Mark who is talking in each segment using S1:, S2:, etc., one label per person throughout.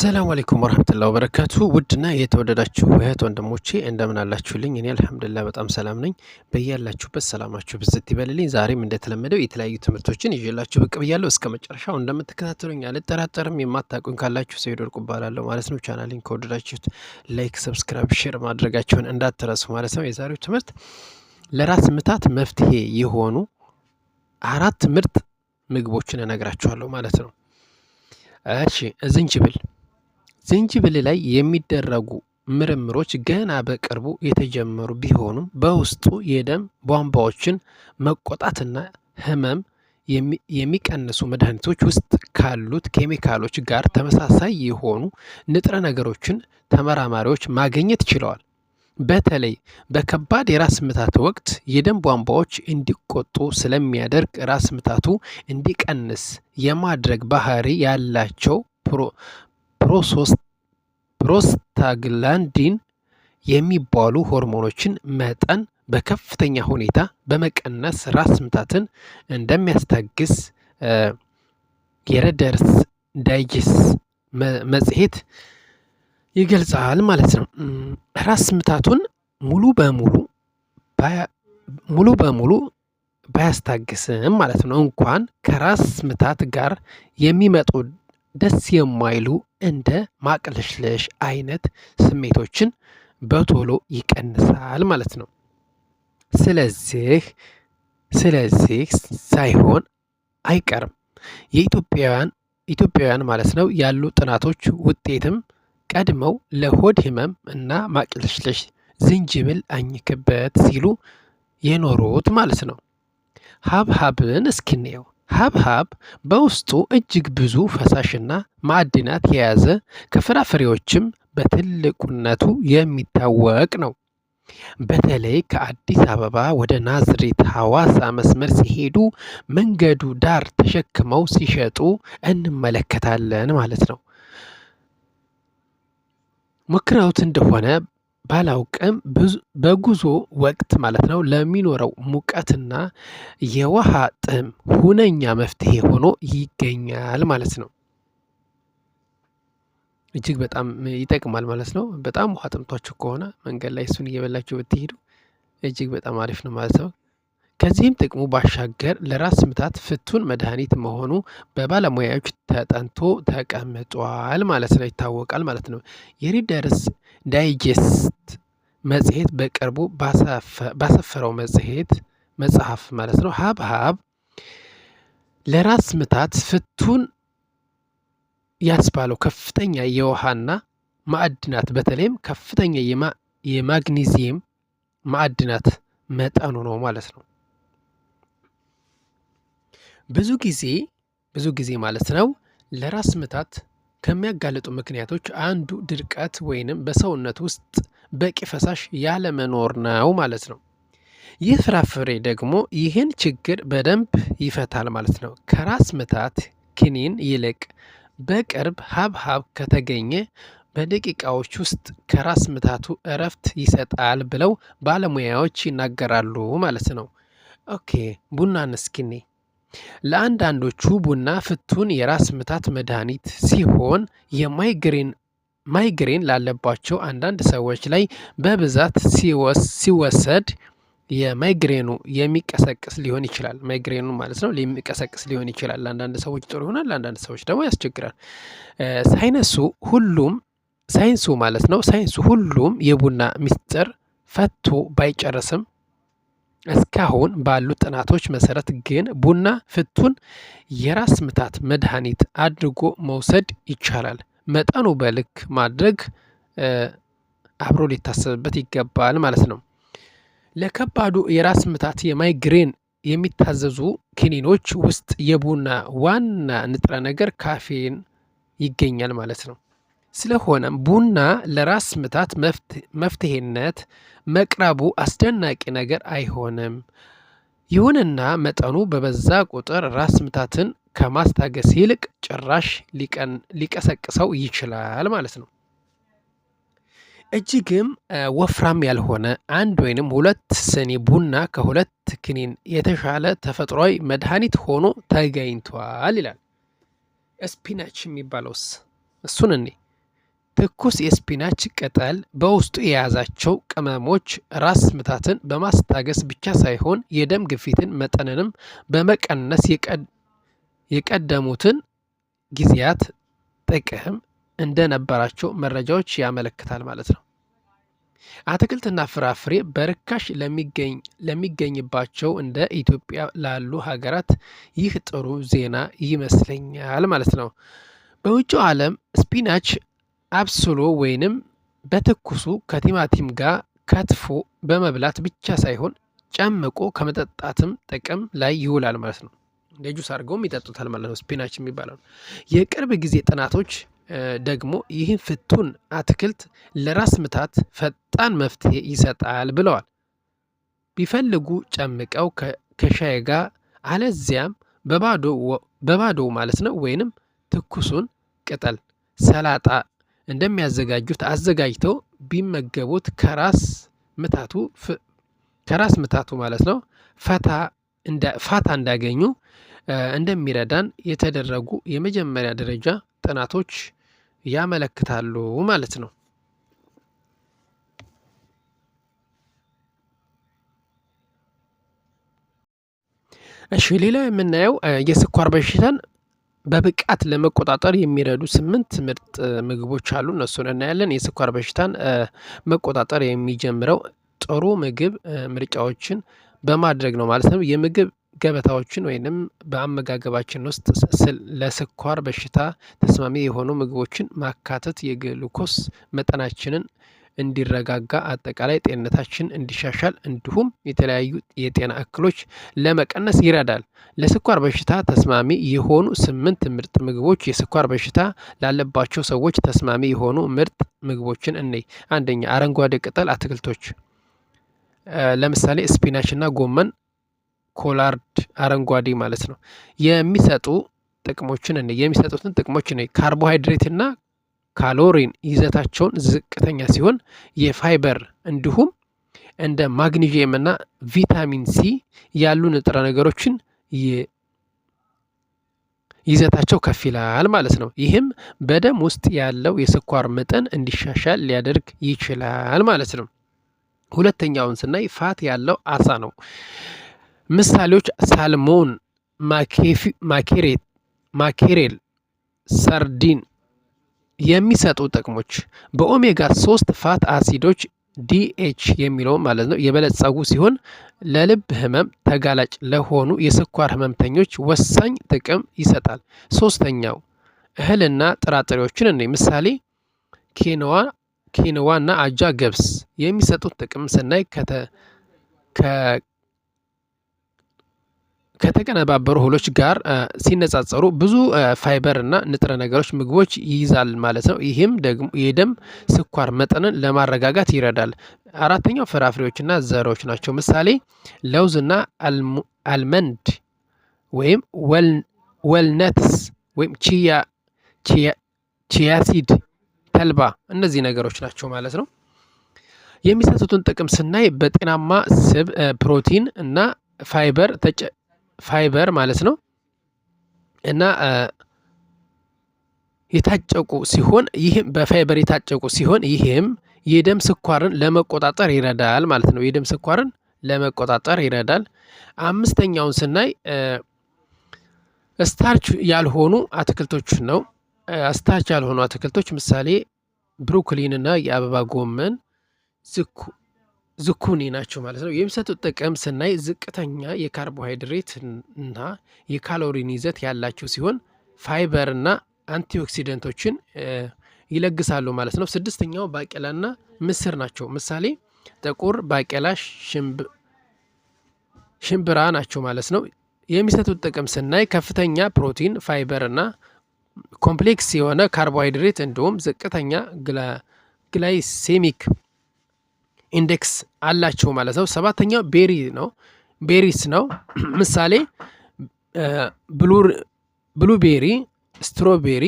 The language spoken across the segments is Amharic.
S1: ሰላም አለይኩም ወራህመቱላሂ ወበረካቱ። ውድና የተወደዳችሁ እህት ወንድሞቼ እንደምን አላችሁልኝ? እኔ አልሐምዱሊላህ በጣም ሰላም ነኝ። በያላችሁበት ሰላማችሁ ብዝት ይበልልኝ። ዛሬም እንደተለመደው የተለያዩ ትምህርቶችን ይዤላችሁ ብቅ ብያለሁ። እስከ መጨረሻው እንደምትከታተሉኝ አልጠራጠርም። የማታውቁኝ ካላችሁ ሰይድ ወርቁ እባላለሁ ማለት ነው። ቻናሌን ከወደዳችሁት ላይክ፣ ሰብስክራይብ፣ ሼር ማድረጋችሁን እንዳትረሱ ማለት ነው። የዛሬው ትምህርት ለራስ ምታት መፍትሄ የሆኑ አራት ምርጥ ምግቦችን እነግራችኋለሁ ማለት ነው። እሺ ዝንጅብል ዝንጅብል ላይ የሚደረጉ ምርምሮች ገና በቅርቡ የተጀመሩ ቢሆኑም በውስጡ የደም ቧንቧዎችን መቆጣትና ህመም የሚቀንሱ መድኃኒቶች ውስጥ ካሉት ኬሚካሎች ጋር ተመሳሳይ የሆኑ ንጥረ ነገሮችን ተመራማሪዎች ማግኘት ችለዋል። በተለይ በከባድ የራስ ምታት ወቅት የደም ቧንቧዎች እንዲቆጡ ስለሚያደርግ ራስ ምታቱ እንዲቀንስ የማድረግ ባህሪ ያላቸው ፕሮሶስት ፕሮስታግላንዲን የሚባሉ ሆርሞኖችን መጠን በከፍተኛ ሁኔታ በመቀነስ ራስ ምታትን እንደሚያስታግስ የረደርስ ዳይጅስ መጽሔት ይገልጻል ማለት ነው። ራስ ምታቱን ሙሉ በሙሉ ሙሉ በሙሉ ባያስታግስም ማለት ነው እንኳን ከራስ ምታት ጋር የሚመጡ ደስ የማይሉ እንደ ማቅለሽለሽ አይነት ስሜቶችን በቶሎ ይቀንሳል ማለት ነው። ስለዚህ ስለዚህ ሳይሆን አይቀርም የኢትዮጵያውያን ኢትዮጵያውያን ማለት ነው ያሉ ጥናቶች ውጤትም ቀድመው ለሆድ ህመም እና ማቅለሽለሽ ዝንጅብል አኝክበት ሲሉ የኖሩት ማለት ነው። ሀብሀብን እስኪንየው ሐብሐብ በውስጡ እጅግ ብዙ ፈሳሽና ማዕድናት የያዘ ከፍራፍሬዎችም በትልቁነቱ የሚታወቅ ነው። በተለይ ከአዲስ አበባ ወደ ናዝሬት ሐዋሳ መስመር ሲሄዱ መንገዱ ዳር ተሸክመው ሲሸጡ እንመለከታለን ማለት ነው። ሞክረውት እንደሆነ ባላውቅም በጉዞ ወቅት ማለት ነው ለሚኖረው ሙቀትና የውሃ ጥም ሁነኛ መፍትሄ ሆኖ ይገኛል ማለት ነው። እጅግ በጣም ይጠቅማል ማለት ነው። በጣም ውሃ ጥምቷችሁ ከሆነ መንገድ ላይ እሱን እየበላችሁ ብትሄዱ እጅግ በጣም አሪፍ ነው ማለት ነው። ከዚህም ጥቅሙ ባሻገር ለራስ ምታት ፍቱን መድኃኒት መሆኑ በባለሙያዎች ተጠንቶ ተቀምጧል ማለት ነው፣ ይታወቃል ማለት ነው። የሪደርስ ዳይጀስት መጽሔት በቅርቡ ባሰፈረው መጽሔት መጽሐፍ ማለት ነው ሀብሀብ ለራስ ምታት ፍቱን ያስባለው ከፍተኛ የውሃና ማዕድናት በተለይም ከፍተኛ የማግኒዚየም ማዕድናት መጠኑ ነው ማለት ነው። ብዙ ጊዜ ብዙ ጊዜ ማለት ነው ለራስ ምታት ከሚያጋልጡ ምክንያቶች አንዱ ድርቀት ወይንም በሰውነት ውስጥ በቂ ፈሳሽ ያለመኖር ነው ማለት ነው። ይህ ፍራፍሬ ደግሞ ይህን ችግር በደንብ ይፈታል ማለት ነው። ከራስ ምታት ክኒን ይልቅ በቅርብ ሀብሀብ ከተገኘ በደቂቃዎች ውስጥ ከራስ ምታቱ እረፍት ይሰጣል ብለው ባለሙያዎች ይናገራሉ ማለት ነው። ኦኬ ቡናን እስኪኔ ለአንዳንዶቹ ቡና ፍቱን የራስ ምታት መድኃኒት ሲሆን የማይግሬን ማይግሬን ላለባቸው አንዳንድ ሰዎች ላይ በብዛት ሲወሰድ የማይግሬኑ የሚቀሰቅስ ሊሆን ይችላል። ማይግሬኑ ማለት ነው የሚቀሰቅስ ሊሆን ይችላል። ለአንዳንድ ሰዎች ጥሩ ይሆናል፣ ለአንዳንድ ሰዎች ደግሞ ያስቸግራል። ሳይነሱ ሁሉም ሳይንሱ ማለት ነው ሳይንሱ ሁሉም የቡና ሚስጥር ፈቶ ባይጨርስም እስካሁን ባሉት ጥናቶች መሰረት ግን ቡና ፍቱን የራስ ምታት መድኃኒት አድርጎ መውሰድ ይቻላል። መጠኑ በልክ ማድረግ አብሮ ሊታሰብበት ይገባል ማለት ነው። ለከባዱ የራስ ምታት የማይግሬን የሚታዘዙ ክኒኖች ውስጥ የቡና ዋና ንጥረ ነገር ካፌን ይገኛል ማለት ነው። ስለሆነም ቡና ለራስ ምታት መፍትሄነት መቅረቡ አስደናቂ ነገር አይሆንም። ይሁንና መጠኑ በበዛ ቁጥር ራስ ምታትን ከማስታገስ ይልቅ ጭራሽ ሊቀሰቅሰው ይችላል ማለት ነው። እጅግም ወፍራም ያልሆነ አንድ ወይንም ሁለት ስኒ ቡና ከሁለት ክኒን የተሻለ ተፈጥሯዊ መድኃኒት ሆኖ ተገኝቷል ይላል። ስፒናች የሚባለውስ እሱን እኔ ትኩስ የስፒናች ቅጠል በውስጡ የያዛቸው ቅመሞች ራስ ምታትን በማስታገስ ብቻ ሳይሆን የደም ግፊትን መጠንንም በመቀነስ የቀደሙትን ጊዜያት ጥቅም እንደነበራቸው መረጃዎች ያመለክታል ማለት ነው። አትክልትና ፍራፍሬ በርካሽ ለሚገኝባቸው እንደ ኢትዮጵያ ላሉ ሀገራት ይህ ጥሩ ዜና ይመስለኛል ማለት ነው። በውጭው ዓለም ስፒናች አብስሎ ወይንም በትኩሱ ከቲማቲም ጋር ከትፎ በመብላት ብቻ ሳይሆን ጨምቆ ከመጠጣትም ጥቅም ላይ ይውላል ማለት ነው። እንደ ጁስ አድርገውም ይጠጡታል ማለት ነው። ስፒናች የሚባለው የቅርብ ጊዜ ጥናቶች ደግሞ ይህን ፍቱን አትክልት ለራስ ምታት ፈጣን መፍትሄ ይሰጣል ብለዋል። ቢፈልጉ ጨምቀው ከሻይ ጋር አለዚያም በባዶ ማለት ነው ወይንም ትኩሱን ቅጠል ሰላጣ እንደሚያዘጋጁት አዘጋጅተው ቢመገቡት ከራስ ምታቱ ከራስ ምታቱ ማለት ነው ፋታ እንዳገኙ እንደሚረዳን የተደረጉ የመጀመሪያ ደረጃ ጥናቶች ያመለክታሉ ማለት ነው። እሺ ሌላ የምናየው የስኳር በሽታን በብቃት ለመቆጣጠር የሚረዱ ስምንት ምርጥ ምግቦች አሉ። እነሱን እናያለን። የስኳር በሽታን መቆጣጠር የሚጀምረው ጥሩ ምግብ ምርጫዎችን በማድረግ ነው ማለት ነው። የምግብ ገበታዎችን ወይንም በአመጋገባችን ውስጥ ለስኳር በሽታ ተስማሚ የሆኑ ምግቦችን ማካተት የግሉኮስ መጠናችንን እንዲረጋጋ፣ አጠቃላይ ጤንነታችን እንዲሻሻል እንዲሁም የተለያዩ የጤና እክሎች ለመቀነስ ይረዳል። ለስኳር በሽታ ተስማሚ የሆኑ ስምንት ምርጥ ምግቦች የስኳር በሽታ ላለባቸው ሰዎች ተስማሚ የሆኑ ምርጥ ምግቦችን እንይ። አንደኛ አረንጓዴ ቅጠል አትክልቶች ለምሳሌ ስፒናች እና ጎመን ኮላርድ አረንጓዴ ማለት ነው። የሚሰጡ ጥቅሞችን የሚሰጡትን ጥቅሞች ነው። ካርቦሃይድሬት እና ካሎሪን ይዘታቸውን ዝቅተኛ ሲሆን የፋይበር እንዲሁም እንደ ማግኒዥየም እና ቪታሚን ሲ ያሉ ንጥረ ነገሮችን ይዘታቸው ከፍ ይላል ማለት ነው። ይህም በደም ውስጥ ያለው የስኳር መጠን እንዲሻሻል ሊያደርግ ይችላል ማለት ነው። ሁለተኛውን ስናይ ፋት ያለው አሳ ነው። ምሳሌዎች ሳልሞን፣ ማኬሬል፣ ሰርዲን፣ የሚሰጡ ጥቅሞች በኦሜጋ 3 ፋት አሲዶች ዲኤች የሚለው ማለት ነው የበለጸጉ ሲሆን ለልብ ህመም ተጋላጭ ለሆኑ የስኳር ህመምተኞች ወሳኝ ጥቅም ይሰጣል። ሶስተኛው እህልና ጥራጥሬዎችን እኔ ምሳሌ ኬንዋ ኬንዋና አጃ ገብስ የሚሰጡት ጥቅም ስናይ ከተቀነባበሩ እህሎች ጋር ሲነጻጸሩ ብዙ ፋይበር እና ንጥረ ነገሮች ምግቦች ይይዛል ማለት ነው። ይህም ደግሞ የደም ስኳር መጠንን ለማረጋጋት ይረዳል። አራተኛው ፍራፍሬዎችና ዘሮች ናቸው። ምሳሌ ለውዝና አልመንድ ወይም ወልነትስ ወይም ቺያሲድ፣ ተልባ እነዚህ ነገሮች ናቸው ማለት ነው። የሚሰጡትን ጥቅም ስናይ በጤናማ ስብ ፕሮቲን እና ፋይበር ፋይበር ማለት ነው እና የታጨቁ ሲሆን ይህም በፋይበር የታጨቁ ሲሆን ይህም የደም ስኳርን ለመቆጣጠር ይረዳል ማለት ነው። የደም ስኳርን ለመቆጣጠር ይረዳል። አምስተኛውን ስናይ ስታርች ያልሆኑ አትክልቶች ነው። ስታርች ያልሆኑ አትክልቶች ምሳሌ ብሮኮሊንና የአበባ ጎመን ዝኩ ዝኩኒ ናቸው ማለት ነው። የሚሰጡት ጥቅም ስናይ ዝቅተኛ የካርቦሃይድሬት እና የካሎሪን ይዘት ያላቸው ሲሆን ፋይበር እና አንቲኦክሲደንቶችን ይለግሳሉ ማለት ነው። ስድስተኛው ባቄላና ምስር ናቸው። ምሳሌ ጥቁር ባቄላ፣ ሽምብራ ናቸው ማለት ነው። የሚሰጡት ጥቅም ስናይ ከፍተኛ ፕሮቲን፣ ፋይበር እና ኮምፕሌክስ የሆነ ካርቦሃይድሬት እንዲሁም ዝቅተኛ ግላይሴሚክ ኢንዴክስ አላቸው ማለት ነው። ሰባተኛው ቤሪ ነው ቤሪስ ነው። ምሳሌ ብሉቤሪ፣ ስትሮቤሪ፣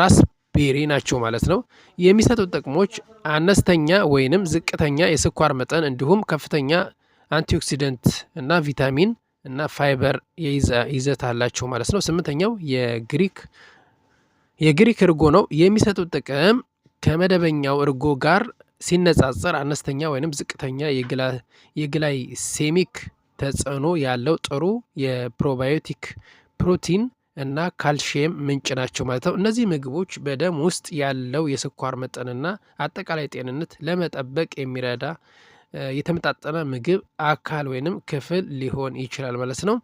S1: ራስቤሪ ናቸው ማለት ነው። የሚሰጡት ጥቅሞች አነስተኛ ወይንም ዝቅተኛ የስኳር መጠን እንዲሁም ከፍተኛ አንቲኦክሲደንት እና ቪታሚን እና ፋይበር ይዘት አላቸው ማለት ነው። ስምንተኛው የግሪክ የግሪክ እርጎ ነው። የሚሰጡት ጥቅም ከመደበኛው እርጎ ጋር ሲነጻጸር አነስተኛ ወይም ዝቅተኛ የግላይሴሚክ ተጽዕኖ ያለው ጥሩ የፕሮባዮቲክ ፕሮቲን እና ካልሽየም ምንጭ ናቸው ማለት ነው። እነዚህ ምግቦች በደም ውስጥ ያለው የስኳር መጠንና አጠቃላይ ጤንነት ለመጠበቅ የሚረዳ የተመጣጠነ ምግብ አካል ወይንም ክፍል ሊሆን ይችላል ማለት ነው።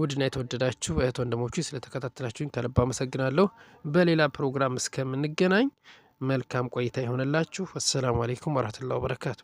S1: ውድና የተወደዳችሁ እህት ወንድሞች ስለተከታተላችሁኝ ከልብ አመሰግናለሁ። በሌላ ፕሮግራም እስከምንገናኝ መልካም ቆይታ ይሆንላችሁ። አሰላሙ አሌይኩም ወረህመቱላሂ ወበረካቱ።